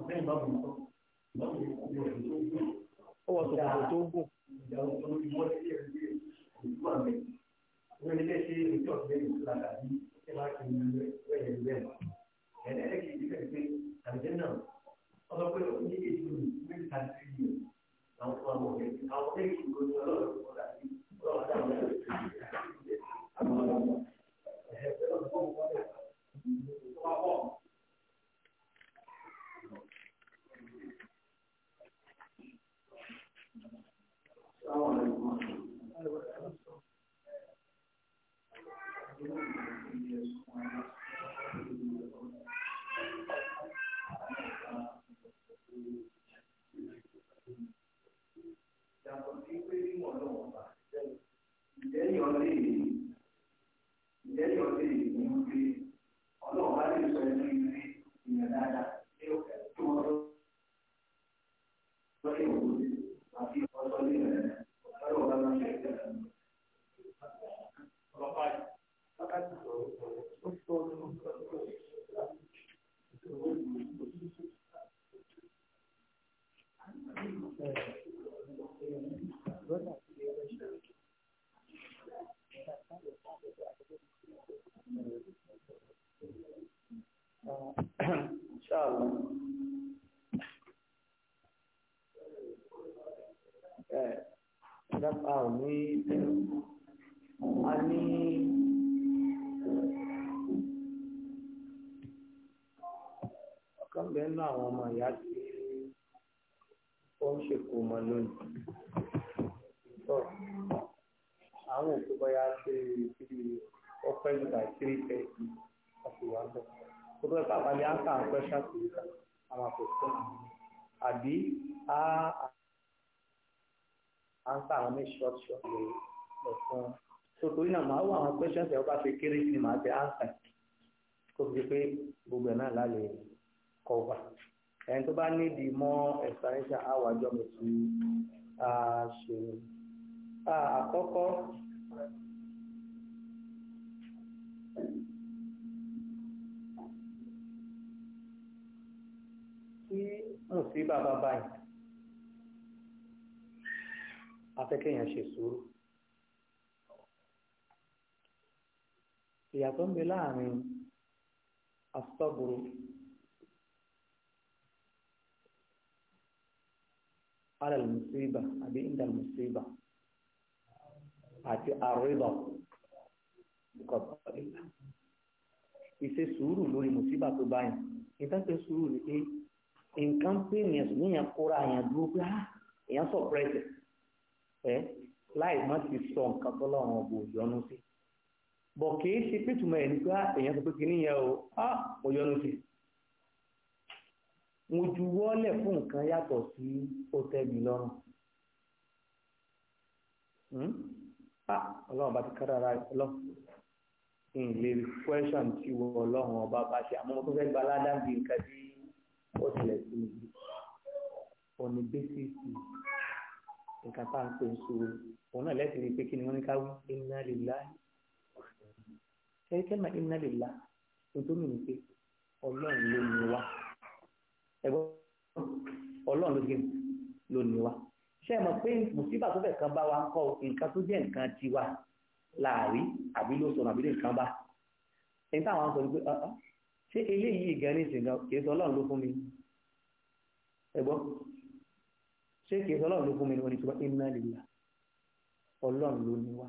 ó wọ sòkòtò tó gùn. Thank you. Thank you. àwọn ọmọ ìyá tí ó ń ṣèkó ọmọ lónìí tọ àwọn òkú bóyá ṣe ìrírí ọpẹ́ nígbà tírí tẹsí àti ìwà bọ kó tó ẹ̀ka àbálẹ áńkà àpẹ ṣàkóso àwọn àpòtò àbí á áńkà àwọn ní short short lè ẹfun tó torí náà màá wọ àwọn questions ẹ ọba ṣe kéré sí màá tẹ áńkà kó fi pé gbogbo ẹ náà lálẹ́ yìí cover ẹni tó bá nídìí mọ́ explanation how àjọ mi ti ṣe ni. àkọ́kọ́ tí mùsíbà bá báyìí afẹ́kẹ́yàn ṣe sùúrù. ìyàtọ̀ ń bẹ láàrin asọ́gbòrò. على المصيبة أبي عند المصيبة àti àrídọ̀ kọ̀ọ̀kọ̀lá ìṣe sùúrù lórí mùsíbà tó báyìí nǹkan pé sùúrù ni pé nǹkan pé èèyàn sùn níyàn kóra èèyàn dúró pé á ah, èèyàn sọ pẹ́ẹ́sì ẹ láì má ti sọ nǹkan tó lọ́wọ́ ọ̀bù yọnu sí mo ju wọ́lẹ̀ fún nǹkan yàtọ̀ sí òtẹ́ẹ̀lì lọ́rùn hmm? ọlọ́run bá ti kára ara ọlọ́run kí n lè question tí wọ ọlọ́run ọba bá ṣe àmọ́ mo tó fẹ́ gba aládá bíi nǹkan tí ó tilẹ̀ sí mi ọ̀nà bẹ́sìsì nǹkan tá à ń pè ń so òun náà lẹ́sìn ní pé kí ni wọ́n ní ká wí inna lillahi ṣe é kẹ́mà inna lillahi nítorí mi ni pé ọlọ́run ló ní wá ẹgbọ́n ọlọ́run ló ti lò ní wa ṣé ẹ mọ̀ pé mùsíbà tó fẹ́ kan bá wa ń kọ́ nǹkan tó jẹ́ nǹkan tiwa láàrí àbí ló sọ̀rọ̀ àbí lè kan bá ẹni táwọn sọ pé ah, ah, ṣé eléyìí gan ní ìsìn kìí sọ ọlọ́run ló fún mi ẹgbọ́n ṣé kìí sọ ọlọ́run ló fún mi ní oníṣẹ́ iná lílà ọlọ́run ló ní wa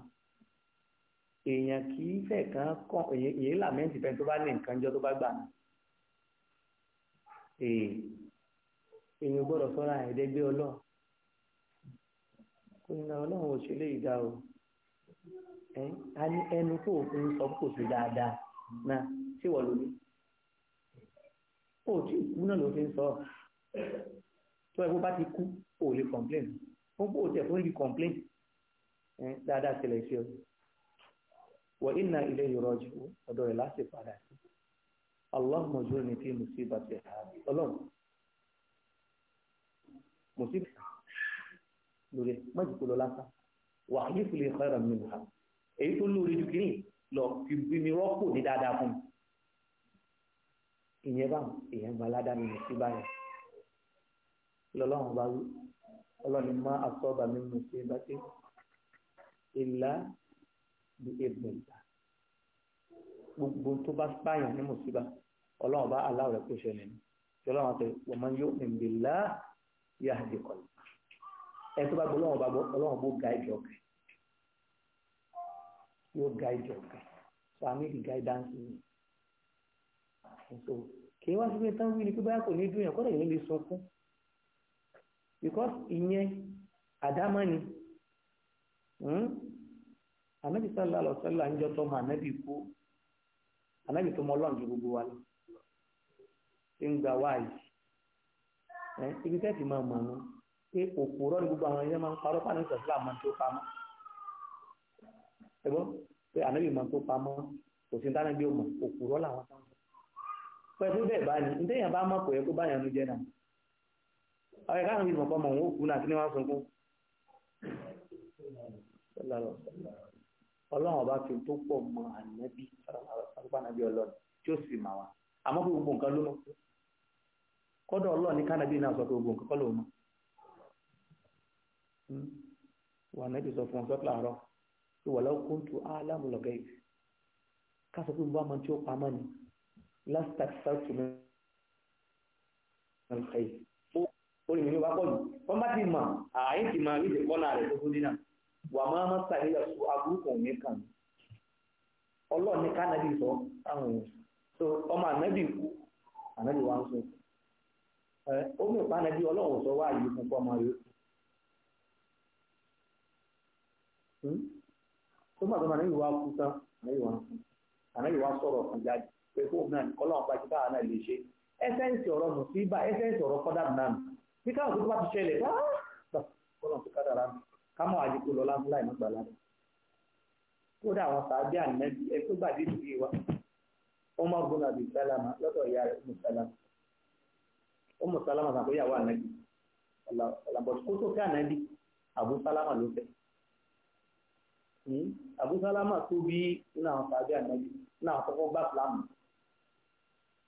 èèyàn kì fẹ́ kan kọ́ èyí làmẹ́ǹtì fẹ́ tó bá ní nǹkan jọ tó bá gbà náà ee èmi gbọ́dọ̀ sọ́ra ẹ̀ẹ́dẹ́gbẹ́ ọlọ́run kò ní ọlọ́run ò ṣe léyìí dá o a ní ẹnu tó òfin sọ kò sí dáadáa náà tí wọ́n lò ní ó tí ìkú náà ló fi ń sọ tó ẹgbẹ́ bá ti kú ó lè complain ó bó tẹ̀ fún ibi complain dáadáa ṣẹlẹ̀ sí ọ wọ iná ilé ìrọ̀jù ọ̀dọ̀ rẹ̀ láti padà sí. Allahumma ajurni fi musibati hàbí ọlọ́run mùsíbà lórí mọ́jú kò lọ lásán wà ní ìfìlẹ̀ ìkọ́ra mi nìyà èyí tó lórí ju kìíní lọ fi bí mi rọ́pò ní dáadáa fún mi ìyẹn bá èèyàn gba aládàá mi mùsíbà yẹn lọ́lọ́run bá wí ọlọ́run má asọ́ba mi musibati illa bí ebùn ìgbà gbogbo tó bá pààyàn ní mùsíbà ọlọ́run bá aláwọ̀ rẹ̀ kó ṣẹlẹ̀ ní ìṣọlọ́run àti wa man yu'min billah yahdi qalbah ẹ tó bá gbọ́ ọlọ́run bá gbọ́ ọlọ́run bó ga ìjọ kẹ yóò ga ìjọ kẹ so i need guidance me so kì í wá síbi tán wí ni pé báyà kò ní dùn yàn kọ́ lẹ́yìn lè sunkún because ìyẹn àdámọ́ ni hmm? ànábì sallallahu alaihi wasallam ń jọ tọ́ mọ ànábì kú anábì tó mọ ọlọ́run ju gbogbo wa lọ ṣé ń gba wáyé ẹ ibi máa mọ̀ ọ́n pé òpòrọ́ ni gbogbo àwọn ẹ̀yẹ́ máa ń parọ́ pàdé ìṣẹ̀sílà máa tó pamọ́ ẹgbọ́n pé ànábì máa tó pamọ́ kò sí dáná bí ó òpòrọ́ làwọn tó ń sọ pẹ̀lú bẹ́ẹ̀ bá ní ntẹ́yìn bá kò yẹ kó jẹ́ pọ̀ mọ̀ kú náà kí ọlọ́run ọba fi tó pọ̀ mọ ànábì sọ́dọ̀pá ànábì ọlọ́run tí ó sì mà wá àmọ́ pé gbogbo nǹkan ló mọ̀ tó kọ́dọ̀ ọlọ́run ní kánábì náà sọ pé gbogbo nǹkan kọ́ ló mọ̀ hmm. wà ànábì sọ fún ọ sọ́kìlà àárọ̀ pé wàlá kó lọ́gẹ́ yìí ká sọ pé gbogbo àmọ́ tí ó pamọ́ ni last tax south to me ó rí mi ní wá pọ̀ jù wọ́n bá ti mọ̀ àyè ti mọ̀ àyè ti kọ́ náà rẹ̀ tó tó dín wà máa maa sàníyà sọ aburú kan ní kánàbì sọ táwọn èèyàn so ọmọ ànábì kú ànábì wa ń sọ ẹ omi ìpànàbí ọlọ́run sọ wá yìí fún ọmọ rẹ hmm? ànábì wa kú tán ànábì wa ń sọ ànábì wa sọ̀rọ̀ kan jáde pé fóun náà ọlọ́run pàṣẹ báwa náà lè ṣe ẹsẹ̀ǹsì ọ̀rọ̀ mùsíbà ẹsẹ̀ǹsì ọ̀rọ̀ kọ́dà náà bí káwọn tó bá ti ṣẹlẹ̀ bá kámọ́ àdìpò lọ́lá ńlá ìmọ̀gbà ládà kódà àwọn sàábí ànẹ́bí ẹ tó gbàdé ìdílé wa ọmọ ọgbọ́n àbí sálámà lọ́dọ̀ ìyá rẹ̀ ọmọ sálámà ọmọ sálámà sàkó ìyàwó ànẹ́bí ọ̀làbọ̀ kó tó fẹ́ ànẹ́bí àbú sálámà ló fẹ́ àbú hmm? sálámà tó bí nínú àwọn sàábí ànẹ́bí nínú àwọn kọ́kọ́ gbà fúlàmù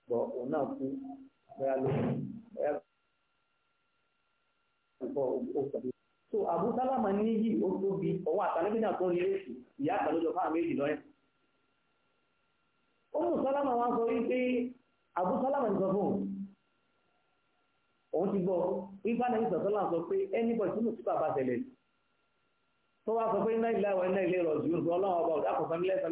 bọ̀ òun náà kú bẹ́ẹ̀ ló bẹ́ẹ̀ kú so Abu Salama níyì ó tóbi ọwọ́ àtàlẹ́bìnà tó ní èsì ìyá àgbàlójọ fáwọn méjì lọ́rẹ́ Umu Salama wọn sọ wípé Abu Salama ń sọ fún òun ti gbọ́ wípé anabi sọ̀tọ́lá sọ pé ẹnìbọ̀ tí mo ti bàbá tẹ̀lẹ̀ tó wá sọ pé iná ilé àwọn iná ilé rọ̀ jù ń sọ ọlọ́run ọba ọ̀dà kọ̀ọ̀kan nílẹ̀ sàn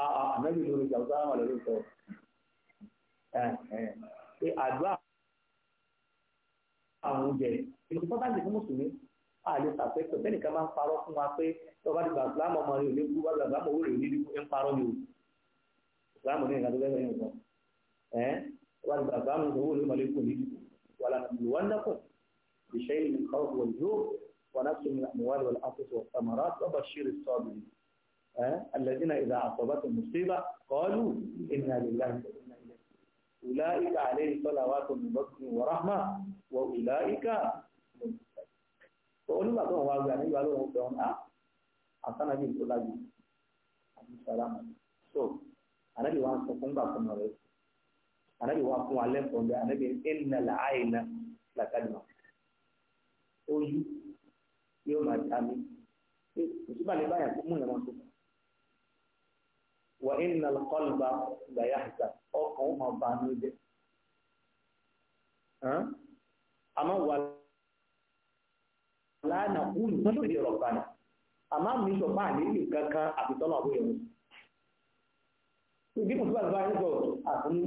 ànábì lórí ìjà ọ̀sán àwọn àlọ́ sọ pé àdúrà àwọn oúnjẹ ìlú tó bá lè fún mùsùlùmí àlè sàpẹ́tọ̀ bẹ́ẹ̀ nìkan máa ń parọ́ fún wa pé tọ́ba ti gbà ìsìlámù ọmọ rẹ̀ ò ní kú wá gbàgbà mọ̀ òwúrò ní nípa ń parọ́ ni o ìsìlámù ní ìrìnàjò lẹ́yìn ìrìnàjò ẹ̀ tọ́ba ti gbà ìsìlámù òwúrò ní mọ̀lẹ́kù ní ìdìbò wàlà ìwọ́ndàkùn ìṣẹ́yìn ìkọ́ الذين إذا أصابتهم مصيبة قالوا إنا لله وإنا إليه أولئك عليه صلوات من ربهم ورحمة وأولئك هم فأولئك هم واجعين يقولون هم دون أه أصنع جيل كل جيل àti sàlámà so anabi wa sọ fún bàbá ọmọ rẹ anabi wa fún alẹ fún bẹ anabi ẹnna là áyìnà làkàdìmọ ojú yóò máa dá mi òtún bá lè báyà fún mú ìrànwọ́ sọ fún wà ìnà kọlùbà gbàyàjà ọkàn ó máa banú jẹ àmọ́ wà na kúlù tó lè rọ̀bà náà àmọ́ mi sọ máa lè lè kankan àbítọ́nà àwọn èèyàn ìdí kò tó bá ń sọ àtúnwí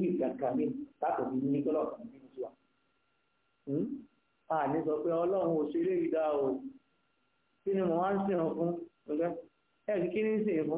mi a o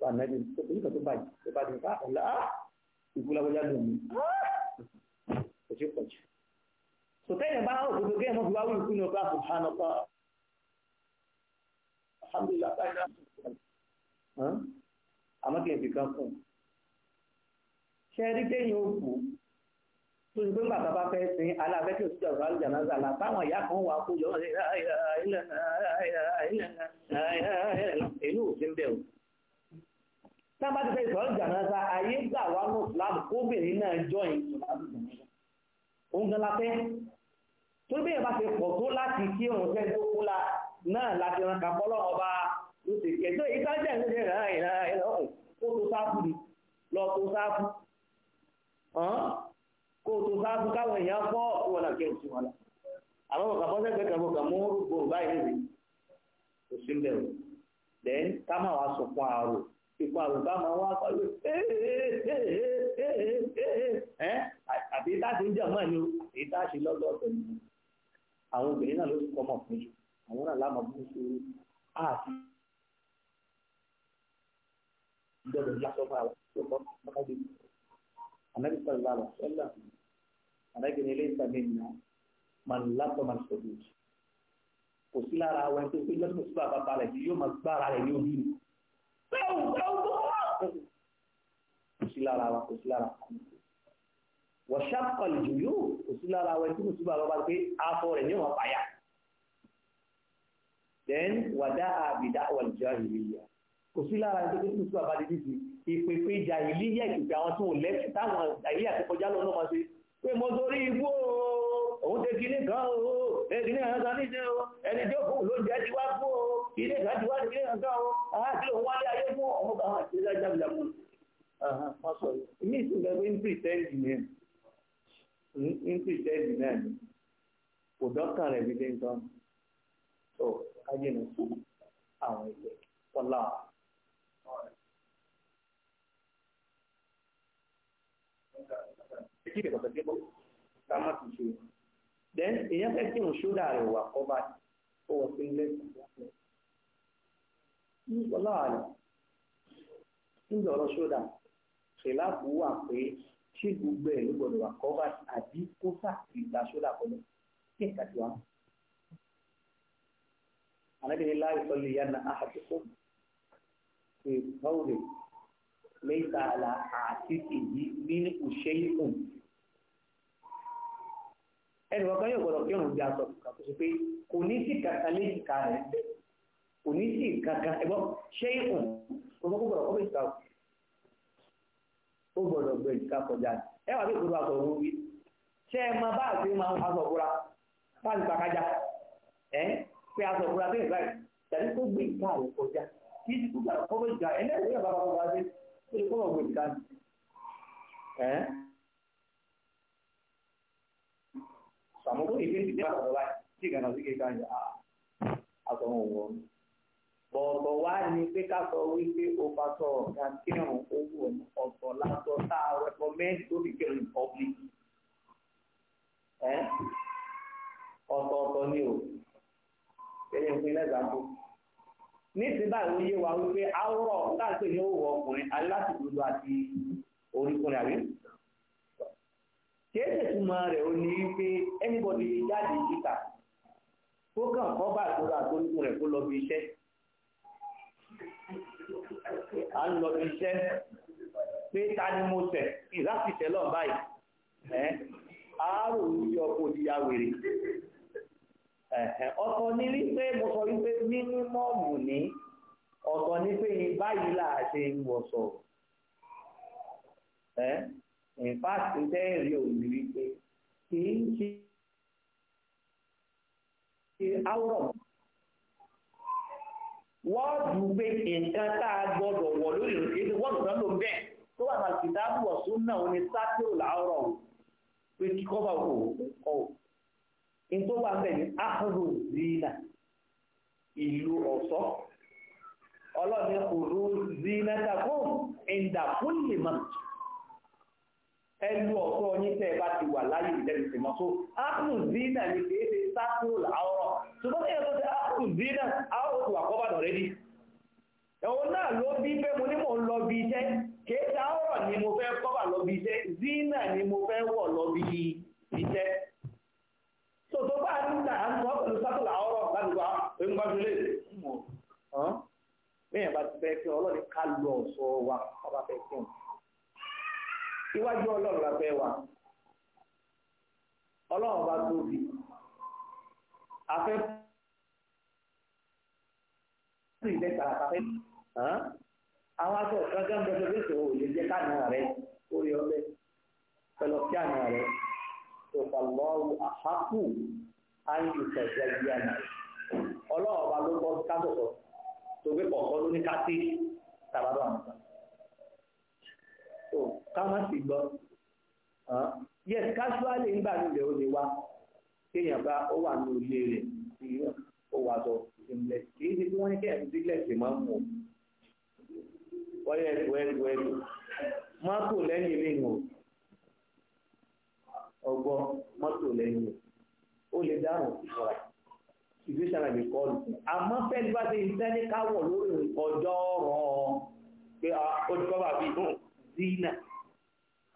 tó ànábì tó kò ní kan tó báyìí tó bá di ká ọ̀la ìkú lágbájá lò mí kò sí pọ̀ jù. sọtẹ́yìn bá òkúta gẹ́gẹ́ mọ́ fi wá wíwú ní ọgbà sùhánà pa alhamdulilayi báyìí náà sùhánà àmọ́ kì í fi kan fún un. ṣé ẹ rí kéyìn òkú tó ti gbé ńgbà tá a bá fẹ́ sin alábẹ́ tí o ti jẹ́ ọ̀rọ̀ àlùjánáza la táwọn ìyá kan wà kó yọ ọ́ èlú òfin bẹ́ẹ̀ o tábà ti fẹ́ ìsọ̀rọ̀ jàǹdà ayé gbà wá ní islam kóbìnrin náà join òun gan la fẹ́ tó bí èèyàn bá ti pọ̀ tó láti kí òun fẹ́ tó kú la náà láti ran kàpọ́ lọ́wọ́ bá ló ti kẹjọ ìta jẹ́ ìlú ìrìn àrìn ìrìn kó tó sáfù ni lọ tó sáfù kó tó sáfù káwọn èèyàn fọ́ ọ̀kú wọn làkẹ́ òsì wọn la àmọ́ kò kàpọ́ sẹ́gbẹ́ kan kà mú gbòǹgbà ìrìn òsì then ká má wàá ìpa àrùbá máa wá pẹ̀lú àti ìtàṣì ń jẹ̀mọ́ ni o ìtàṣì lọ́dọọdún ni àwọn obìnrin náà ló ti kọ́ ọmọ fún yìí àwọn náà lámọ̀ fún ṣòro àti ìjọba ìyàsọ́ fún àwọn tó kọ́ mọ́tàdé ànábì sọ̀rọ̀ lálọ́ sọ́lá ànábì ní ilé ìsàmì ìnà màá lápò màá sọ̀rọ̀ kò sí lára àwọn ẹni tó gbé lọ́sọ̀ọ́sọ́ àbábalẹ̀ yóò máa gbára rẹ̀ ní ojú ni bẹ́ẹ̀ ò bẹ́ẹ̀ ò tó wà. kò sí lára wa kò sí lára wa wọ̀ṣà kọlìjù bá gbé afọ rẹ̀ ní wọn fàyà. then wàdà àbìdá wàlìjà ìrìyà kò sí lára ẹni tó tún sí bàbá dídí sí ìpèpè ìjà ìlíyà ìpèpè àwọn tí wọn lẹ́sìn táwọn ìlíyà tó kọjá lọ́nà máa ṣe pé mo sórí igbó o òun ṣe kinní kan o ẹni ní àwọn sọ níṣẹ́ o ẹni tí ó fún òun lóúnjẹ fún o ilé ìdájú wá nílé ọ̀gá wọn àákìlò wọn lé ayé fún ọmọ bá wọn àti ìdájá ìjàmù wọn sọ ìmí ìsìnkà pé ń pìtẹ́ǹdì náà ń pìtẹ́ǹdì náà ni kò dọ́kà rẹ̀ bí dẹ́ńtọ́ tó kájé fún àwọn ilẹ̀ kọlá. Èkìtì pàtàkì bọ́ ká má ti ṣe. Then èèyàn fẹ́ kí n ṣúdà rẹ̀ wà kọ́ báyìí ó wọ sí ilé ìgbà ní ìgbọ́lá rẹ̀ níbi ọ̀rọ̀ ṣódà ṣèláàpù wà pé ṣé gbogbo ẹ̀ ló gbọ́dọ̀ wà kọ́fà àbí kó sàkì ìgbà ṣódà kọ́lọ́ kí ẹ̀ka ti wá. àlẹ́bìnrin láì sọ lè yára àhàtúkọ́ pé báwo lè lẹ́yìn tààlà àti èyí nínú òṣè ìkùn. ẹnì kan yóò gbọ́dọ̀ kírun bí aṣọ kàkóso pé kò ní sí kàkà lẹ́yìn bẹ́ẹ̀. kò ní sí kankan ẹgbọ́n ṣé ìkùn kò mọ́ kó gbọ́dọ̀ ó kọjá ẹ wà bí ìkúrú aṣọ òun wí ṣé ẹ máa bá àti máa pàkájà ẹ pé tàbí kó gbé rẹ kọjá kí bọ̀ọ̀bọ̀ wá ní pé ká sọ wípé o bá sọ ọ̀gá kírun owó ọ̀tọ̀ látọ̀ tá a rẹkọmẹ́ndì tó fi kírun public ọ̀tọ̀ọ̀tọ̀ ni o ẹ̀yìn fún ilẹ̀ ìgbàgbó nísìnyí báyìí ó yé wa wípé àwòrán láti ní òwò ọkùnrin aláti gbogbo àti oríkùnrin àbí kéèké túmọ̀ rẹ̀ ó ní wípé anybody jáde yíta kó kàn kọ́ bá àgbòrò àtòkùn rẹ̀ kó lọ bí iṣẹ́ à ń lọ bí iṣẹ́ pé ta ni mo tẹ̀ ìlàsì tẹ́lọ̀ báyìí àárò yìí ọkọ̀ òdìyà wèrè ọ̀tọ̀ ní rí pé mo sọ wípé mínímọ́ọ̀mù ní ọ̀tọ̀ ní pé báyìí là á ṣe ń wọ̀ sọ̀rọ̀ in fact ìtẹ́ẹ̀rí òní wípé kì í ṣe áwùrọ̀ wọ́ọ̀dù pé nǹkan tá a gbọ́dọ̀ wọ̀ lórí ìròyìn tí wọ́n nǹkan ló ń bẹ̀ tó wà láti dábò ọ̀sùn náà ó ní sátírò láàárọ̀ o pé kí kọ́fà kò kọ́ o n tó wà bẹ́ẹ̀ ni ahoro zina ìlú ọ̀ṣọ́ ọlọ́ọ̀ni kò zina takò ìdàkúnlè mọ́tò ẹlú ọ̀tọ́ onítẹ̀ bá ti wà láyé ìdẹ́nu sí mọ́ so ápùlù zina ni kìí ṣe sákúrò àwọ̀rọ̀ ṣùgbọ́n èèyàn tó ṣe ápùlù zina àwọn oṣù àkọ́bàdàn rẹ̀ di ẹ̀wọ̀n náà ló bí pé mo ní mò ń lọ bí iṣẹ́ kìí ṣe ni mo fẹ́ kọ́bà lọ bí iṣẹ́ zina ni mo fẹ́ wọ̀ lọ bí iṣẹ́ so tó bá ń ta à ń sọ pẹ̀lú sákúrò àwọ̀rọ̀ láti wá ẹ̀yìn bá fi lé bẹ́ẹ̀ kí ọlọ́ni ká lọ ọ̀ṣọ́ wa ọba fẹ́ kí ọ̀ṣọ́ iwájú ọlọ́run la fẹ́ wà ọlọ́run bá tóbi afẹ́ fún ilé tààtàfẹ́ àwọn aṣọ kankan bẹ́ẹ̀ bẹ́ẹ̀ sọ̀rọ̀ òye jẹ́ káàná rẹ̀ orí ọbẹ̀ pẹ̀lú ọ̀kí àná rẹ̀ tòkàlọ́rù àhákù áyùsọ̀ jẹ́bi àná ọlọ́run bá ló bọ́ ká sọ̀tọ̀ tó gbé kọ̀ọ̀kan ló ní ká tàbádọ́ àmọ́ ká má sì gbọ́ yes casually nígbà nílẹ̀ ó lè wá kéèyàn bá ó wà ní ilé rẹ̀ tí ó wà sọ ìmùlẹ̀ kì í ṣe kí wọ́n ní kẹ́hìn sílẹ̀ sí máa ń mú wọ́yẹ̀ wẹ́ẹ̀wẹ́ẹ̀ mọ́tò lẹ́yìn mi nù ọgbọ́ mọ́tò lẹ́yìn ó lè dáhùn ìfọ̀rà situation àbí kọlù àmọ́ fẹ́ẹ́ bá ti ń sẹ́ni káwọ̀ lórí ọjọ́ ọ̀rọ̀ pé ah, ó ti kọ́ zina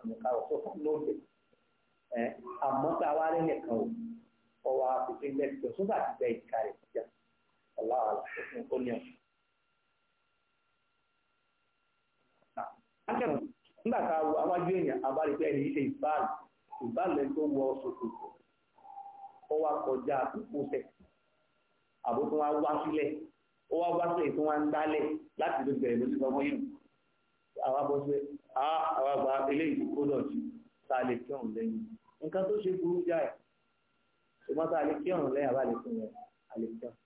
àmọ̀ká ọ̀sọ́ fún lóde ẹ àmọ́ tá a wá rí nìkan o ọwọ́ àfikún lẹ́sìn ọ̀sùn bá ti bẹ ìka rẹ̀ jíjà ọ̀làwàlà fún ọ̀nìyàn. akẹ́kọ̀ọ́ nígbà tá a awájú èèyàn abáríkẹ́ ẹni ṣe ìbáàlù ìbáàlù ẹni tó wọ ó wá kọjá wá ó wá wá ń àwọn àgbà ilé lọ sí tá a lè kí ọ̀hún lẹ́yìn nǹkan tó ṣe burú jáì ṣùgbọ́n tá a lè kí ọ̀hún lẹ́yìn àbá lè fún yẹn a lè kí ọ̀hún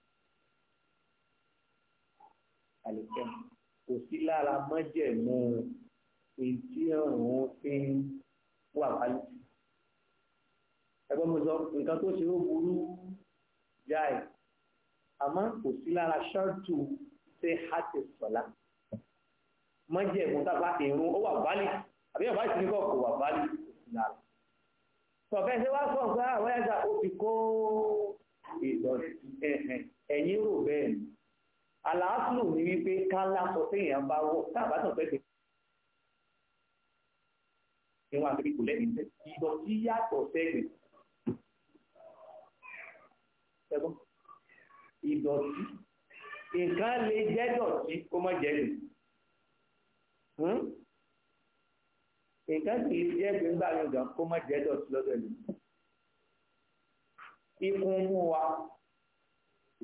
a lè kí ọ̀hún kò sí lára mọ́jẹ̀mú ìdí ọ̀hún fi ń wà wálé ẹgbọ́n mi sọ nǹkan tó ṣe ó burú jáì àmọ́ kò sí lára ṣọ́ọ̀tù ṣe hàtì sọ̀lá. mọ́jẹ̀mú tàbá ìrún ó wà bálì àbí ọ̀bá ìsinikọ́ kò wà bálì sọ̀fẹ́ ṣe wá àwọn ah, ẹ̀dà ó fi kó ẹ̀yìn rò bẹ́ẹ̀ ni ní wípé kálá sọ bá wọ tábà sọ pé ṣe ìwọ̀n àti kò lẹ́yìn tẹ́ ìdọ̀tí yàtọ̀ ìdọ̀tí nǹkan Hmm? nǹkan kì í jẹ́ gbígbà mi gan kó má jẹ́ dọ̀tí lọ́dọ̀ ẹ̀lú ikun mú wa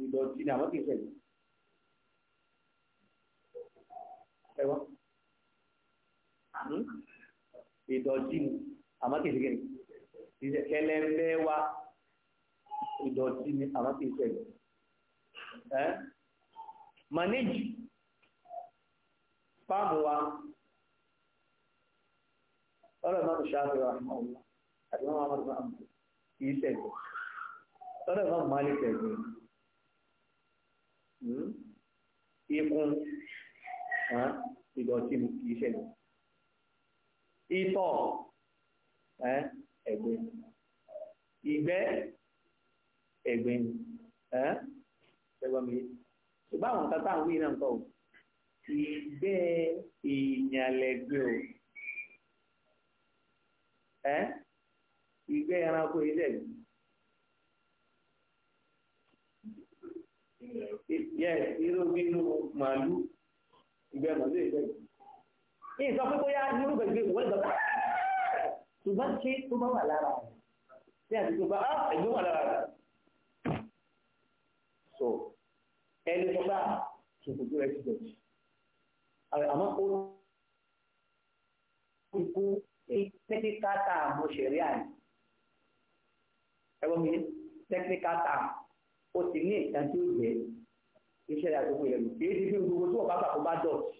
ìdọ̀tí ni àwọn kì í ṣẹlẹ̀ ẹ̀wọ́n hmm? ìdọ̀tí ni àwọn kì í ṣẹlẹ̀ wa ìdọ̀tí ni àwọn kì í manage. páàmù wa ọ̀rọ̀ ìmọ̀ ṣáàbì wa ọ̀la àti wọn máa máa kì í sẹ̀gbẹ̀ ọ̀rọ̀ ìmọ̀ máa lè sẹ̀gbẹ̀ ikun ìdọ̀tí mu kì í sẹ̀gbẹ̀ ìtọ̀ ẹ̀gbẹ́ ìgbẹ́ ẹ̀gbẹ́ ẹ̀gbẹ́ mi ṣùgbọ́n àwọn kata àwọn yìí náà ń ìgbẹ́ ìyànlẹ́gbẹ́ o ẹ́ ìgbẹ́ ẹranko ilẹ̀ yẹ irú bínú màálù ìgbẹ́ màálù ilẹ̀ yìí sọ pé bóyá irúgbẹ́ gbé wọ́n lọ ṣùgbọ́n ṣé tó bá wà lára rẹ̀ tí àti tó bá ah, ẹ̀gbẹ́ wà lára rẹ̀ so ẹni tó bá ṣòkòtò rẹ̀ ti dọ̀tí àmọ́ ó ń kú technical term mo ṣẹ̀rí àná ẹgbọ́n mi technical term ó ti ní ìtàn tí ó jẹ́ iṣẹ́ àgbègbè ẹ̀rù kì í di bí gbogbo tí wọ́n bá gbàgbọ́ dọ̀tí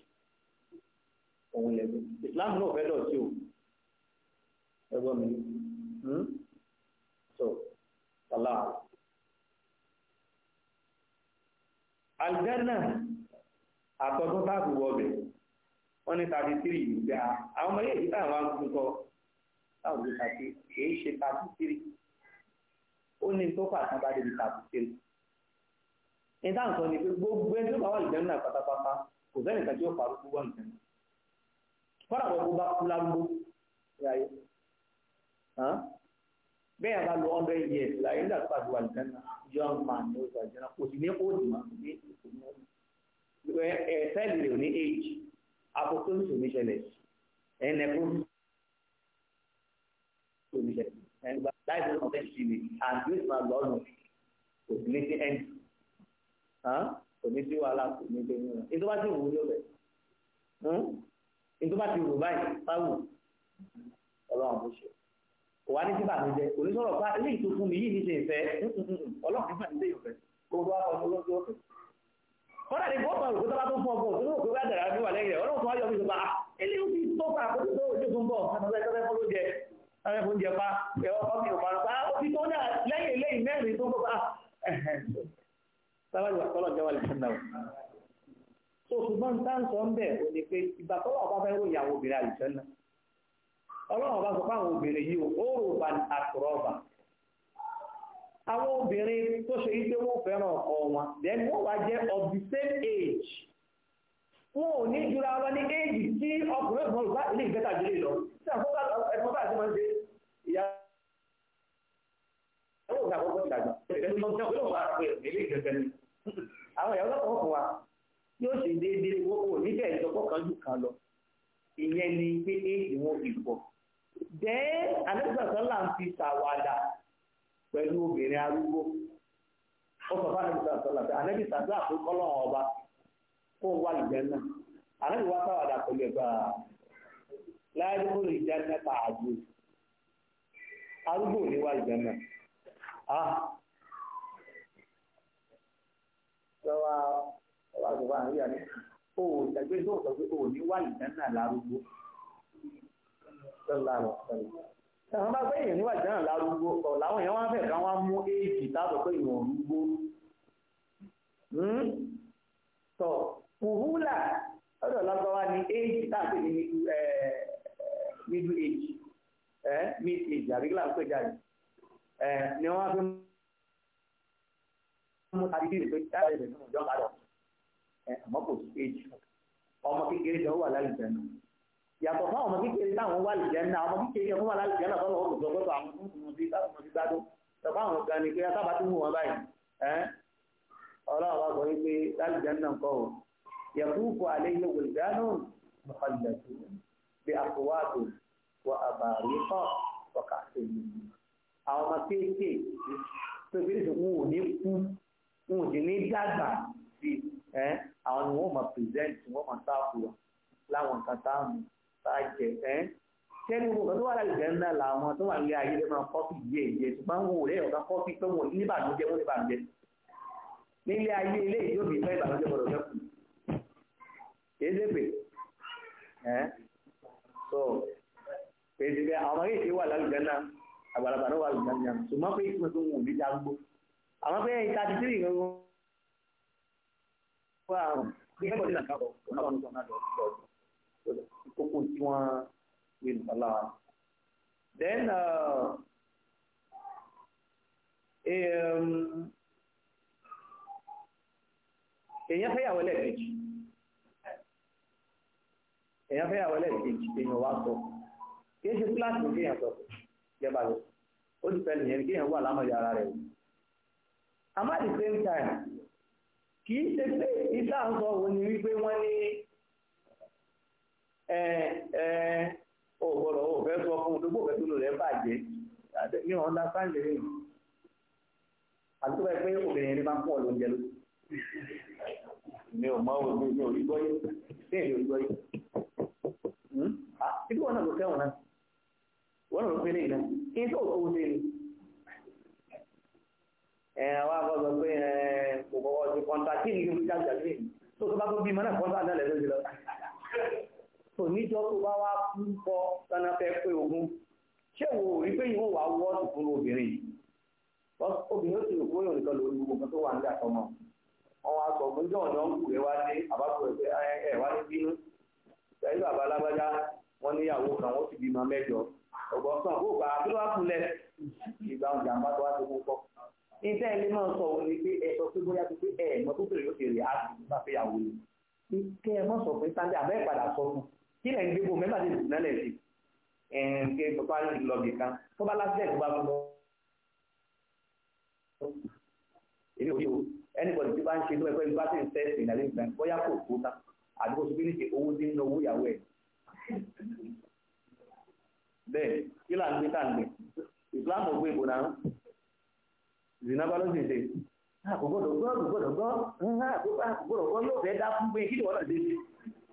òun lẹ́gbẹ̀ẹ́ Islam náà fẹ́ dọ̀tí o ẹgbọ́n mi hmm? so salam aljanna àtọ́dún táàbù wọbẹ̀ wọ́n ní thirty three yìí gbà àwọn ọmọ yẹn ìdíkà àwọn akókò kọ táwọn ọdún tàbí èyí ṣe thirty three ó ní tó fà tán bá débi thirty three sọ ni pé gbogbo ẹni tó bá wà lùdẹ́ náà pátápátá kò sẹ́ni kan tí ó parọ́ gbogbo àmì sẹ́ni fọ́nà pọ̀ bá kú lárúgbó ní ayé bẹ́ẹ̀ bá lo hundred years láyé nígbà tó bá ti wà lùdẹ́ náà young man ní oṣù àjẹnà kò sì ní kó dì máa ń gbé ìpínlẹ̀ sẹ́ẹ̀lì rẹ̀ ò ní age apoptosis ò ní ṣẹlẹ̀ ẹnẹkùn ò ní ṣẹlẹ̀ ẹnìgbà láìpẹ́ náà fẹ́ ni, and grace máa lọ ọ̀nà kò ní sí end kò ní sí wàhálà kò ní sí wàhálà ètò bá ti wù ú yóò bẹ̀ ètò bá ti wù ú báyìí táwù ọlọ́run kò ṣe wà ní síbà mi jẹ onísọ̀rọ̀ bá eléyìí tó fún mi yìí ní ṣe ìfẹ́ ọlọ́run nígbà nílé ìfẹ́ gbogbo àwọn ọmọ olóńgbò ọ̀fẹ́ kọ́dà ní bọ́ọ̀mù òkú tó bá tó fún ọkọ̀ òkú òkú bá dàrá ní wà lẹ́yìn rẹ̀ ọlọ́run tó wáyọ̀ mi sọ́ba ah, ilé ó fi tó fà kó tó ojú tó ń bọ̀ àwọn oúnjẹ pa ọkọ mi ò parọ́ pa ó fi tó náà lẹ́yìn eléyìí mẹ́rin tó ń bọ̀ pa sábàjì wà tọ́lọ̀ jẹ́wà lẹ́sìn náà so ṣùgbọ́n tá ń sọ ń bẹ̀ ò ní pé ìgbà tọ́lọ̀ ọba fẹ́ rò ìyàwó obìnrin àlùjọ náà ọlọ́run ọba sọ fún àwọn àwọn obìnrin tó ṣe iṣẹ́ wọ́n fẹ́ràn ọkọ wọn then wọ́n wá jẹ́ of the same age wọn ò ní jura wọn ní éèjì tí ọkùnrin ọ̀gbọ́n rẹ̀ bá ilé ìgbẹ́ta jù lè lọ tí àkókò ẹ̀fọ́ bá àti máa ń ṣe ìyá ẹ̀rọ ìgbà àkọ́kọ́ ti dàgbà ẹ̀rọ ìgbà àkọ́kọ́ ti dàgbà ilé ìgbẹ́ta ni àwọn ìyàwó lọ́kọ̀ọ́ fún wa yóò ṣe déédéé wọ́n kò ní bẹ́ẹ̀ ìjọpọ̀ kan jù kan lọ ìyẹn ni pé éèjì wọn ìbọ̀ then àlẹ́ pẹ̀lú obìnrin arúgbó ó sọ fún àdébìtà sọlá pé àdébìtà sí àkókò ọlọ́run ọba kó wà lùgbẹ́ náà àdébìtà wá sáwàdà pẹ̀lú ah. ọba àgbà àríyá ni o ò tó sọ pé o ní wà lùgbẹ́ náà tàbí bá gbé èèyàn níwájú náà lárúgbó ọ̀ làwọn èèyàn wọ́n fẹ́ kan wá mú éèkì tábọ̀ pé èèyàn rúgbó hmm? tọ̀ kùhúlà ọ̀dọ̀ lọ́gbọ́n ní middle eh, eh, age eh, mid age àbíkílà ń pè jáde ni wọ́n fi mú yàtọ̀ fún ọmọ kékeré táwọn wà lè jẹ́nà ọmọ kékeré kan wà lálẹ́ jẹ́nà tọ́lọ̀ ọ̀dọ̀ gbọ́dọ̀ àwọn ọmọ sí táwọn ọmọ sí gbádùn tọ́pọ̀ àwọn ọ̀gá ni pé sábà tí wọ́n báyìí ẹ́ ọlọ́run wa sọ wípé lálẹ́ jẹ́nà ń kọ́ ọ yàtúùkọ alẹ́ yẹ wòlíjánù mọ̀kànlẹ̀tù bí àkọwàtò wọ àbàríkọ ọkà sẹ́yìn àwọn ọmọ kéékèèké tó bí ìsìn wọn ò ní kú wọn ò sì ní dàgbà sí ẹ àwọn ni wọn máa pèsè wọn máa sáàpù láwọn nǹkan táàmù bàjẹ́ ẹ́ sẹ́ni gbogbo kan tó wà láti jẹ́ ńlá làwọn tó wà nílé ayé lè máa kọ́pì díẹ̀ díẹ̀ ṣùgbọ́n wọn ò lẹ́yìn ọ̀gá kọ́pì tó wọn ní ìbànújẹ́ wọn ní ìbànújẹ́ nílé ayé ilé ìjọba ìfẹ́ ìbànújẹ́ gbọdọ̀ fẹ́ kù kì í ṣe pé ẹ́ sọ pèsè pé àwọn ọmọ yìí wà lálùjẹ́ náà àgbàlagbà náà wà lálùjẹ́ náà ṣùgbọ́n pé ìtumọ̀ tó wọn ò ní hukuntuwan yin talaq then uh, um, èèyàn fẹ́yàwó lẹ́ẹ̀kejì èèyàn fẹ́yàwó lẹ́ẹ̀kejì èèyàn wá sọ kí é ṣe kíláàsì kéèyàn sọ jẹba lọ ó ti fẹ́lẹ̀ yẹn kéèyàn wà lámọ̀já ara rẹ̀ àmọ́ at the same time kì í ṣe pé ìta ń sọ òun ni wípé wọ́n ní ọ̀gbọ̀rọ̀ ee, sọ fún gbogbo òfẹ́ tó lò rẹ̀ bàjẹ́ ní ọ̀nà sáńdì rẹ̀ pé obìnrin máa ń pọ̀ lóúnjẹ ló mi ò mi ò rí gbọ́ yìí ò rí gbọ́ yìí hmm? ibi wọn náà ló náà wọn náà ló fẹ́ lẹ́yìn náà kí n pé kò kọ́kọ́ sí kọ́ńtà kí tò níjọ́ tó bá wá fún kọ tánà fẹ́ pé ogún ṣé wo rí pé ìwọ wà wọ́ fún obìnrin yìí obìnrin ó sì rò kóyọ̀ nìkan lórí gbogbo tó wà nílẹ̀ àtọmọ wọn wá sọ fún jọ̀ọ̀nà ọ̀nkù wá dé àbákò ẹ wá ní bínú bàbá alágbájá wọn kan wọn bímọ ọgbọ́n kan gbà kí ló wá ìgbà òjà ń bá tó wá tó kí lẹ́yìn gbégbó mẹ́fà ti dùn lálẹ́ sí ẹ̀ǹkẹ́ bàbá lọ́ọ̀gì kan tó bá lásìlẹ̀ tó bá lọ. èmi ò rí o ẹnìbọ̀dì tí bá ń ṣe tó ẹgbẹ́ bá ti ń tẹ́sì ìdàlẹ́ ìgbà bóyá kò kó ta àdúgbò tó bí níṣe owó tí ń lọ owó ìyàwó ẹ̀. bẹ́ẹ̀ kí là ń gbé tàǹgbé ìsìlámù ògbé ìbò náà ìzìnàbá ló sì ṣe àkógbòdò gbọ́ àkógbòdò gbọ́ gbọ́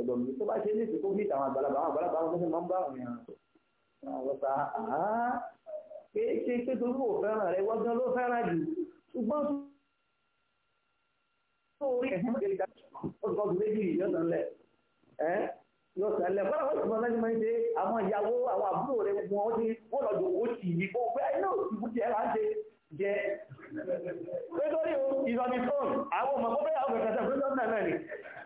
ọ̀dọ̀ mi tó bá ṣe ní ìsìnkú bí ìtàwọn àgbàlagbà àwọn àgbàlagbà àwọn ọmọdé máa ń bá àwọn èèyàn àwọn ọ̀sà àá pé ṣe pé torí kò fẹ́ràn rẹ wọ́n gan ló fẹ́ràn jù ṣùgbọ́n tó orí ẹ̀sìn kiri dá ọ̀sùnkọ́ tó méjì yóò tán lẹ̀ ẹ́ yóò tán lẹ̀ fọ́nà wọ́n ti mọ lẹ́yìn máa ń ṣe àwọn ìyàwó àwọn àbúrò rẹ gbogbo wọn ti wọ́n lọ́jọ́ kó tì í kó pé iná òsìkú tiẹ̀ là ń ṣe jẹ pé torí ìsọ̀nì fóònù àwọn ọmọ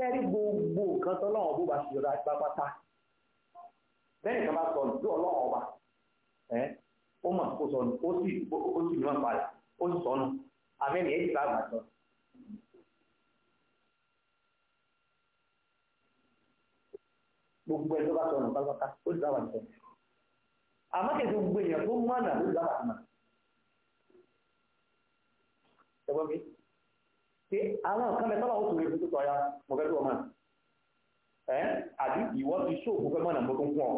sẹ́rí gbogbo nǹkan tó lọ́wọ́ bó ba ṣe yọ̀dá pátápátá bẹ́ẹ̀ kan sọ ní ọlọ́wọ́ wa ó mọ̀ kó sọnù ó sì ó sì níwọ̀n parẹ̀ pé àwọn nǹkan mẹ́ta bá wọ́n tún lè fi tó ọ̀yà mo fẹ́ tó ọmọ ẹ̀ àbí ìwọ ti ṣó òkú fẹ́ mọ́ nà mo tó ń fún ọ.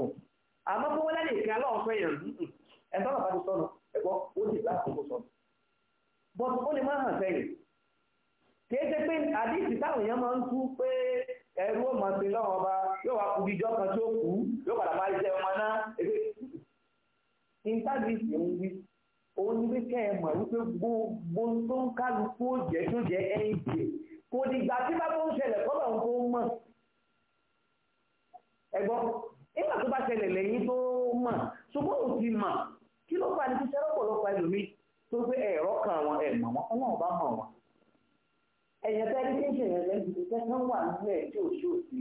àmọ́ fún wọn lẹ́yìn ìkan lọ́wọ́ fẹ́ yẹn ẹ̀ tọ́lọ̀ bá ti sọnù ẹ̀gbọ́n ó ti gbà àkókò sọnù. bọ́t ó lè má hàn sẹ́yìn kìí ṣe pé àdìsí táwọn èèyàn máa ń tú pé ẹrú ọmọ sí lọ́wọ́ ọba yóò wá kúbi ìjọ kan tí ó kú yóò padà bá iṣẹ́ ọmọ náà òun ni wípé ẹ mọ̀ wípé gbogbo tó ń kálukú òjẹ́ tó jẹ́ ẹ̀yìnkè kò dìgbà tí bá tó ń ṣẹlẹ̀ kọ́lọ̀ ń kó mọ̀ ẹ̀gbọ́n nígbà tó bá ṣẹlẹ̀ lẹ́yìn tó mọ̀ ṣùgbọ́n ò ti mọ̀ kí ló fà ní ti ṣẹ́rọ̀ pọ̀lọpọ̀ ẹlòmíì tó gbé ẹ̀rọ kan àwọn ẹ̀mọ̀ wọn ọlọ́run bá mọ̀ wọn ẹ̀yẹ̀ tẹ́lifíṣẹ̀ yẹn lẹ́yìn tó tẹ́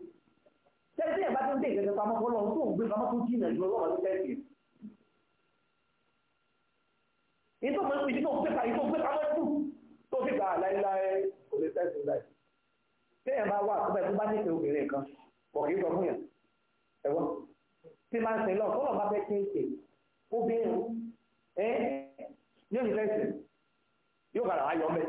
Tẹ́lẹ̀ tí tó ń dé ìgbẹ́jọ pamọ́ fọlọ́ tó ń gbé pamọ́ tó jìnà ju ọlọ́run tó tẹ́sí. Èyí mọ̀ sí ìdí tó ń gbé pamọ́ tó tó fi gbà láéláé kò lè tẹ́sí láì. Téèyàn bá wà tó bẹ́ẹ̀ tó bá nífẹ̀ẹ́ obìnrin kan pọ̀ kí n sọ fún yàn. Ẹ̀wọ́n tí máa ń sìn lọ kọ́lọ̀ bá fẹ́ tẹ́sí obìnrin ẹ̀ ní òní tẹ́sí yóò padà wá yọ mẹ́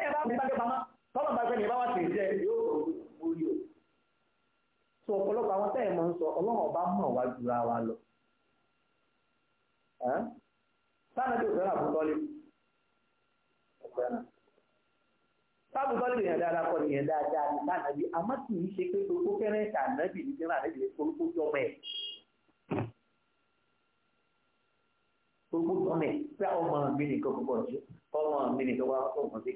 tẹ́ ẹ bá fi sáké pamọ́ tọ́lọ̀ bá fẹ́ni ẹ bá wà sí ìjẹ́ yóò borí o. sọ ọ̀pọ̀lọpọ̀ àwọn tẹ́ ẹ mọ̀ ń sọ ọlọ́run ọba mọ̀ wá ju ra wa lọ. sáànàbí ò fẹ́ràn àbútọ́lé sábùtọ́lé yẹn dáadáa kọ́ nìyẹn dáadáa ní sáànàbí àmọ́ kì í ṣe pé gbogbo fẹ́rẹ́ sànàbí ní fẹ́ràn àdébìlẹ ọmọ mi nìkan gbogbo ọ̀ṣẹ́ ọmọ mi nìkan wá ọmọ mi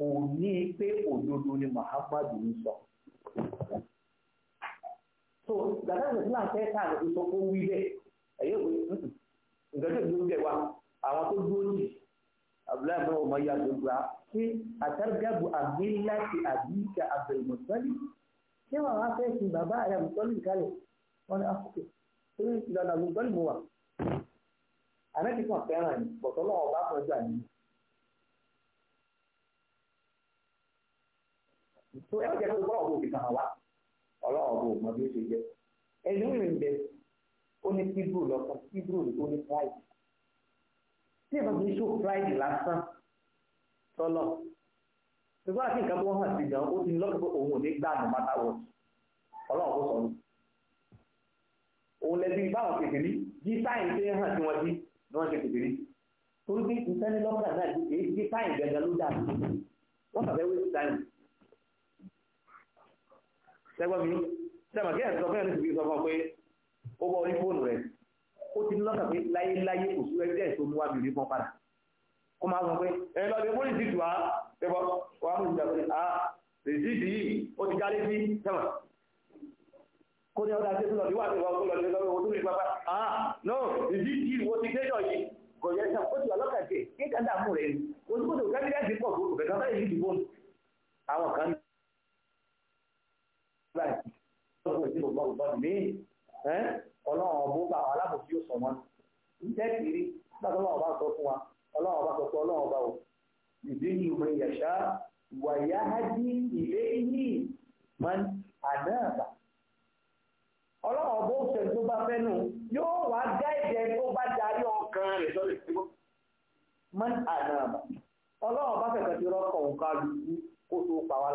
kò ní pé òdodo ni Muhammadu so dàda ìgbàsílà ń fẹ́ káàdì tó fún wí bẹ́ẹ̀ ẹ̀yẹ́ nke hmm, nǹkan tó gbóúnjẹ wa àwọn tó dúró jì abdullahi bin umar a ṣe àtàrgàbù àgbélá ti àbíkà abdulmutali ṣé wọn wá fẹ́ sin bàbá àyà mutali kalẹ̀ wọn ah, ni akókò tó ní mu wa àná àníyàn. tó ẹ jẹ́ pé bọ́ọ̀ bò fi kàn wá ọlọ́run bò mọ bí ó ṣe jẹ́ ẹni rìn bẹ ó ní hebrew lọ́kàn hebrew ó ní pride tí ìbá fi ṣó pride lásán tọ́lọ̀ ṣùgbọ́n àti nǹkan tó hàn sí gan ó ti lọ́kàn pé òun ò ní gbà no matter what ọlọ́run kò sọ̀rọ̀ òun lẹ́bi báwọn kékeré bí sáyẹn ṣe hàn sí wọn sí ni wọ́n ṣe kékeré torí pé ìsẹ́nilọ́kàn náà èyí bí sáyẹn gẹ́gẹ́ ló dà wọ́n sàfẹ́ wíṣí sáyẹn sẹ́gbọ́n mi sẹ́gbọ́n kí ẹ̀sọ́ fẹ́ràn nítorí sọ fún ọ pé ó bọ́ orí fóònù rẹ̀ ó ti ní lọ́kàn pé láyéláyé kò sí ẹgbẹ́ tó mú wá mi rí fún padà kó máa sọ pé ẹ lọ sí pólìsì tù á sẹ́gbọ́n wàá mú ìjà pé ah rèsíìtì yìí ó ti jáde sí sẹ́gbọ́n kó ní ọ̀dà tẹ́sán lọ́dún wà ní ìwà ọ̀gbọ́n lọ́dún lọ́wọ́ tó lè pápá ah no rèsíìtì wo ti dé yọ̀ yìí kò yẹ sàn ó ti wà lọ́kàn tẹ̀ kí kàńdà mú rẹ̀ ni oṣù kòtò kẹ́míkà ti pọ̀ fún òkè kan báyìí ní ìdìbò àwọn kan báyìí lọ́wọ́ ìdílé ọgbọ́n ọgbọ́n mi ọlọ́run ọ̀bùn bá àwọn alábòsí yóò sọ wọn ǹjẹ́ kiri nígbà tó lọ́wọ́ bá sọ fún wa ọlọ́run bá sọ fún ọlọ́run bá o ìdí ni ìwé yẹ̀ṣá wàyá hádì ilé yìí máa ń àná àbá ọlọ́run ọ̀bùn òṣèlú fẹ̀kẹ́ ti rọ́kọ̀ òǹkà lùkú kó tó pa wá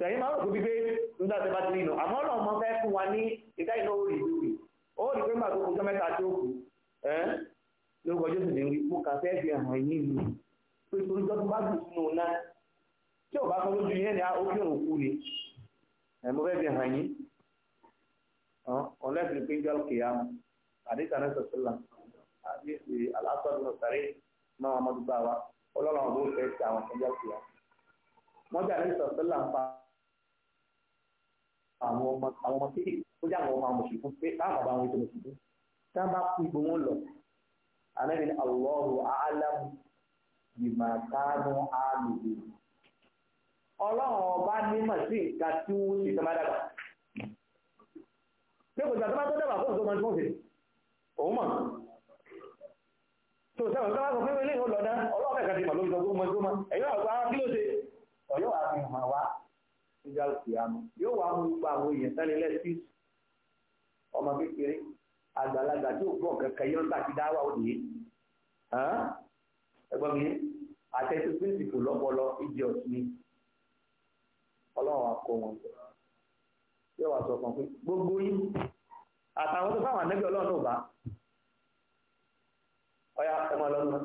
sẹ̀yìn máa ń kò wípé nígbà tí bá ti nínú àmọ́ ọ̀nà ọmọ fẹ́ fún wa ní ìdá iná orí ìlú rí ó rí pé màá tó kọjọ́ mẹ́ta tí kù ẹ́ lórúkọ jésù ní rí mo fẹ́ fi hàn yín ni pé torí jọ́ tó bá dùn sínú náà tí ò bá lójú yẹn ni ni ẹ̀ fẹ́ fi hàn àwọn ọmọ àwọn ọmọ kékeré ó jẹ́ àwọn ọmọ àwọn mùsùlùmí pé táwọn bàbá wọn ètò mùsùlùmí tá a bá kú ibo wọn lọ àmẹ́rin ni Allahu a'lamu bima kanu àlùbí ọlọ́run ọba nímọ̀ sí nǹkan tí wọ́n ṣe tó bá dàgbà pé kò sàtọ́ bá tó dàgbà fún ọ̀sọ́mọ tí wọ́n fi òun mọ̀ tó sẹ́wọ̀n tó bá sọ pé ilé ìhòòlọ́dá ọlọ́run ẹ̀ka ti mọ̀ lórí ọgbọ́n mọ́ ẹ̀yọ́ àgbà kí ló níjà òkè àmọ́ yóò wá mú gbogbo àwọn èèyàn sẹ́lẹ̀ lẹ́sí ọmọ kékeré àgbàlagbà tí ò gbọ́ kankan yọ nígbà tí dáwà ó nìyí ẹgbọ́n mi àtẹ́tí píríncípù lọ́pọlọ ìdí ọ̀sìn ni ọlọ́run àkọ wọn yóò wá sọ fún pé gbogbo yín àtàwọn tó fáwọn ànẹ́bí ọlọ́run ò bá ọyá ẹ máa lọ́nu náà.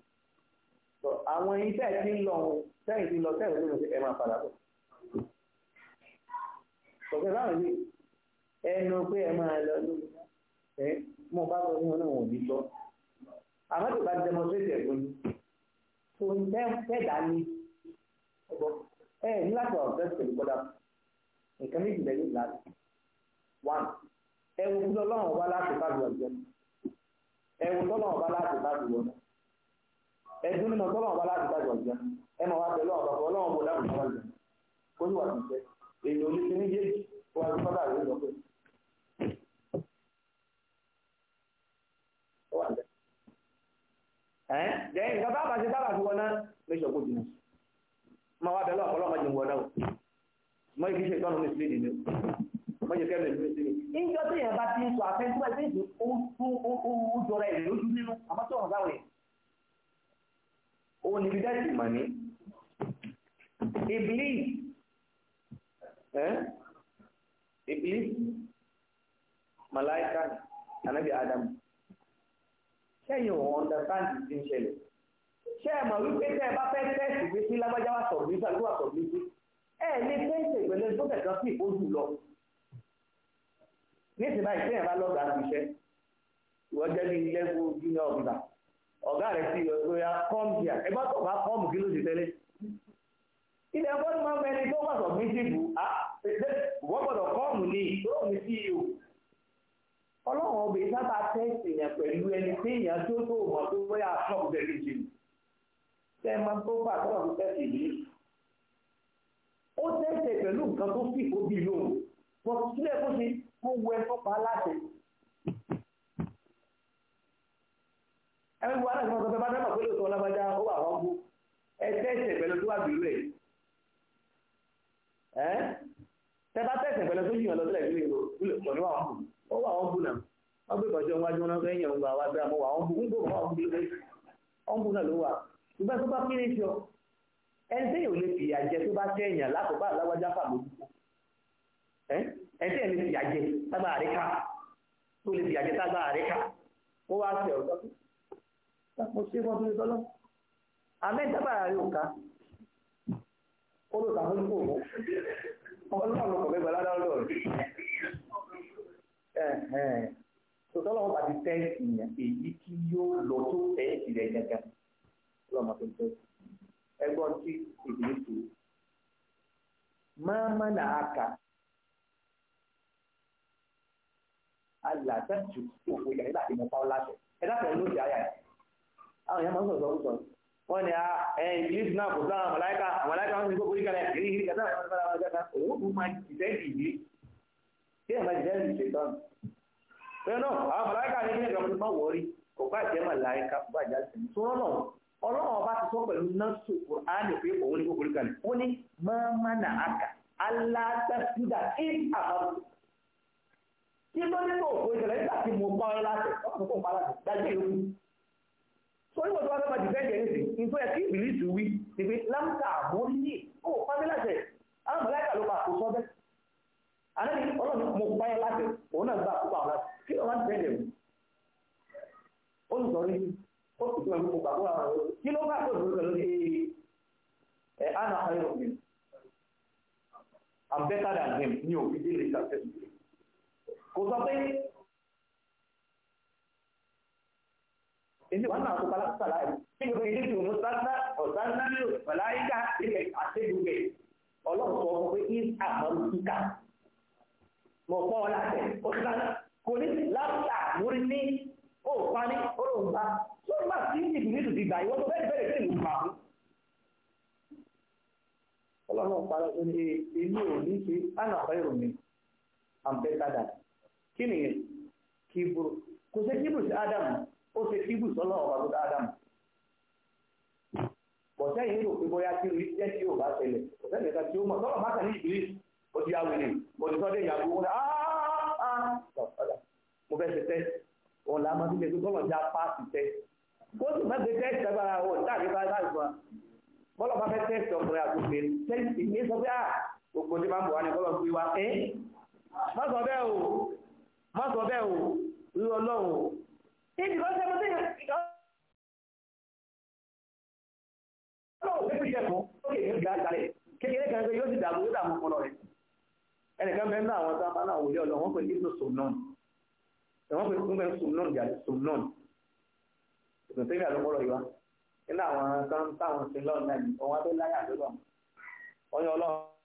àwọn yìí tẹ̀ ti ń lọ sẹ́yìn ti lọ sẹ́yìn lónìí ẹ máa padà bọ̀. ọ̀gbẹ́ báwọn yìí ẹnu pé ẹ máa lọ lónìí ẹ mo bá sọ fún wọn náà wọn ò ní gbọ́. àmọ́ tó bá demonstrate ẹ̀gbọ́n ni tó ń tẹ́ẹ̀dá ni ẹ ní láti wà ọ̀fẹ́ pẹ̀lú bọ́dà nǹkan méjì lẹ́yìn ìlànà one ẹ̀wù tọ́lọ́wọ̀n bá láti bá lù ọ̀jẹ́ ẹ̀wù tọ́lọ́wọ̀n bá láti bá lù ọ̀jẹ́ ẹdún nínú tọ́lọ̀ ọba láti dájọ́ ìjẹun ẹ máa wá pẹ̀lú àwọn ọ̀pọ̀ ọlọ́run mo dábòbò wá ìjẹun ó sì wà sí iṣẹ́ èyí ò ní fi ní yéèjì kó wá sí fọ́dà rẹ̀ lọ pé. ẹ nǹkan bá bàṣẹ sábà fi wọná méjì ọkọ̀ jìnnà máa wá pẹ̀lú ọ̀pọ̀lọpọ̀ jìn wọná o mọ ibi iṣẹ́ ìtọ́nu mísìlì nìyẹn mọ iṣẹ́ kẹ́mi mísìlì. ó ní bídẹ́sì mọ̀ ní iblis iblis malaika anabi adam sẹ́yìn ò understand ti ń ṣẹlẹ̀ ṣé ẹ mọ̀ wípé tẹ́ ẹ bá fẹ́ tẹ́sì gbé sí lágbájá wa sọ̀rọ̀ nígbà tó wà sọ̀rọ̀ nígbà ẹ ní tẹ́sì ìpínlẹ̀ tó kẹ̀kọ́ sí ìkójú lọ nísìnyí báyìí sẹ́yìn bá lọ́ọ̀gá ti ṣẹ́ ìwọ́jẹ́ bíi lẹ́gbẹ̀ẹ́ junior officer ọ̀gá rẹ̀ sí ọ̀gbọ́n ya come here ẹ bá tọ̀ bá come kí ló ti tẹ́lẹ̀ ilẹ̀ ẹ̀kọ́ ni máa ń mẹni tó wà sọ̀gbìn síbù á wọ́n gbọ́dọ̀ kọ́ọ̀mù ni lóòrùn ní sí ihò e ọlọ́run ọbẹ̀ sábà tẹ́sì yẹn pẹ̀lú ẹni tí èèyàn tó tó mọ̀ tó bóyá ṣọ́ọ̀bù tẹ̀lé jù tẹ́ máa tó bá tọ́lọ̀ tó tẹ́sì yìí ó tẹ́sẹ̀ pẹ̀lú nǹkan tó fìfò bí lóòrùn ẹgbẹ́ wọn láti mọ̀ bá dábàá pé lóòótọ́ lágbájá ó wà wọ́n mú ẹgbẹ́ ẹsẹ̀ pẹ̀lú tó wà bìrú ẹ̀ ẹ́ tẹ bá tẹ̀sẹ̀ pẹ̀lú tó yìnyín lọ́sílẹ̀ nílé ó wà wọ́n wọ́n gbé wájú wọn fẹ́ yẹn wá bẹ́ẹ̀ wà wọ́n ń wọ́n náà ló wà tó bá kéré jọ mo ṣe ịbụ tó lè sọ́lọ́ àmì ìdábàrà rí ụka ó ló tà fún òkú ọlọ́run kò fẹ́ gbà ládàá lọ́rọ̀ tọ́lọ́wọ́ bá ti tẹ́ ìyẹn èyí tí yóò lọ tó tẹ́ gẹ́gẹ́ lọ́mọ tó ń tẹ́ ẹgbọ́n tí nà àwọn èèyàn máa ń sọ̀rọ̀ sọ̀rọ̀ sọ̀rọ̀ ni ní ah, ìbílísì náà kò sáà mọ̀láìka mọ̀láìka wọn ti kó borí kalẹ̀ kiri kiri kàtà àwọn ọ̀sán àwọn ọ̀sán òun kò máa jìtẹ́ ìdí kí ẹ̀ máa jìtẹ́ ìdí ṣètọ́n pé náà àwọn mọ̀láìka ní ilé ìjọba máa wọ̀ọ́rí kò bá jẹ́ mọ̀láìka kò bá jẹ́ àìsàn tó rọ́nà ọlọ́run ọba ti sọ pẹ̀lú nọ́ọ̀sù kùránì pé òun ní kó borí kalẹ̀ ó ní mọ́mánà kí ló ní kó òkú ìṣẹ̀lẹ̀ nígbà tí mo bá ọ láti ọkùnrin kó ń bá láti dájú ìlú torí wọ́n tó wá fẹ́ máa dìfẹ́ǹdì sí ní tó yẹ kí ìbílísì wí ni pé lámùtà àmórí ní ó pàmílà tẹ̀ àwọn mọ̀láìkà ló máa kó sọ́ bẹ́ẹ̀ àlẹ́ ni ọlọ́run mo páyọ láti òun náà gbà púpọ̀ àwọn kí ló máa ń tẹ̀lé ó sọ rí ó sì tún ẹ̀rú mo gbà púpọ̀ àwọn kí ló bá tó I'm better than him ní òfin délé ìtàkùn kò sọ ini mana aku kalah salah ini ini cuma sana sana itu malaikat ini asli juga Allah suami ini amal kita mau kau lah orang kulit lapta murni oh pani orang bah semua sini dunia itu dibayar waktu beri beri sini mahu Allah mau kalah ini ini ini si anak kau ini sampai kadar kini kibur kusik kibur si Adam ó ṣe kíbù sọ́nà ọba tó dáadáa mọ̀ kọ̀tẹ́ yìí rò pé bóyá tí orí jẹ́ tí ò bá ṣẹlẹ̀ kọ̀tẹ́ ìjẹta tí ó mọ̀ sọ́nà máta ní ìbílẹ̀ ó ti yáwó ni mo ti sọ́dẹ̀ ìyàwó wọn mo fẹ́ ṣe tẹ́ òun là máa tún lè tún tọ́lọ̀ já páàsì tẹ́ kó sì má gbé tẹ́ẹ̀sì agbára wọn láàrin bá láì fún wa bọ́lọ̀ bá fẹ́ tẹ́ẹ̀sì ọkùnrin àtúnṣe tẹ́ẹ̀sì ní sọ pé à òkò tí máa bọ̀ wá ní bọ́lọ̀ fún wa má sọ bẹ́ẹ̀ o má sọ bẹ́ẹ̀ o rí ọlọ́run If you don't have a thing, you know. Ọlọ́run fẹ́ fi ẹ̀kọ́ ó lè ní ìgbà àtàlẹ̀ kékeré kan pé yóò ti dààmú yóò dààmú ọpọlọ rẹ̀. Ẹnìkan bẹ́ẹ̀ ní àwọn sábà náà wòlé ọ̀lọ́ wọn pè ní sùnọ́ọ̀nù. já pè ní sùnọ́ọ̀nù tem sùnọ́ọ̀nù. Ìgbà tó yẹ àlọ́pọ̀lọ̀ yìí wá. Nínú àwọn sáwọn sílọ́ọ̀nù náà ni ọ̀wọ́n tó láyà lọ́lọ́run. Ọyọ́ ọlọ́run.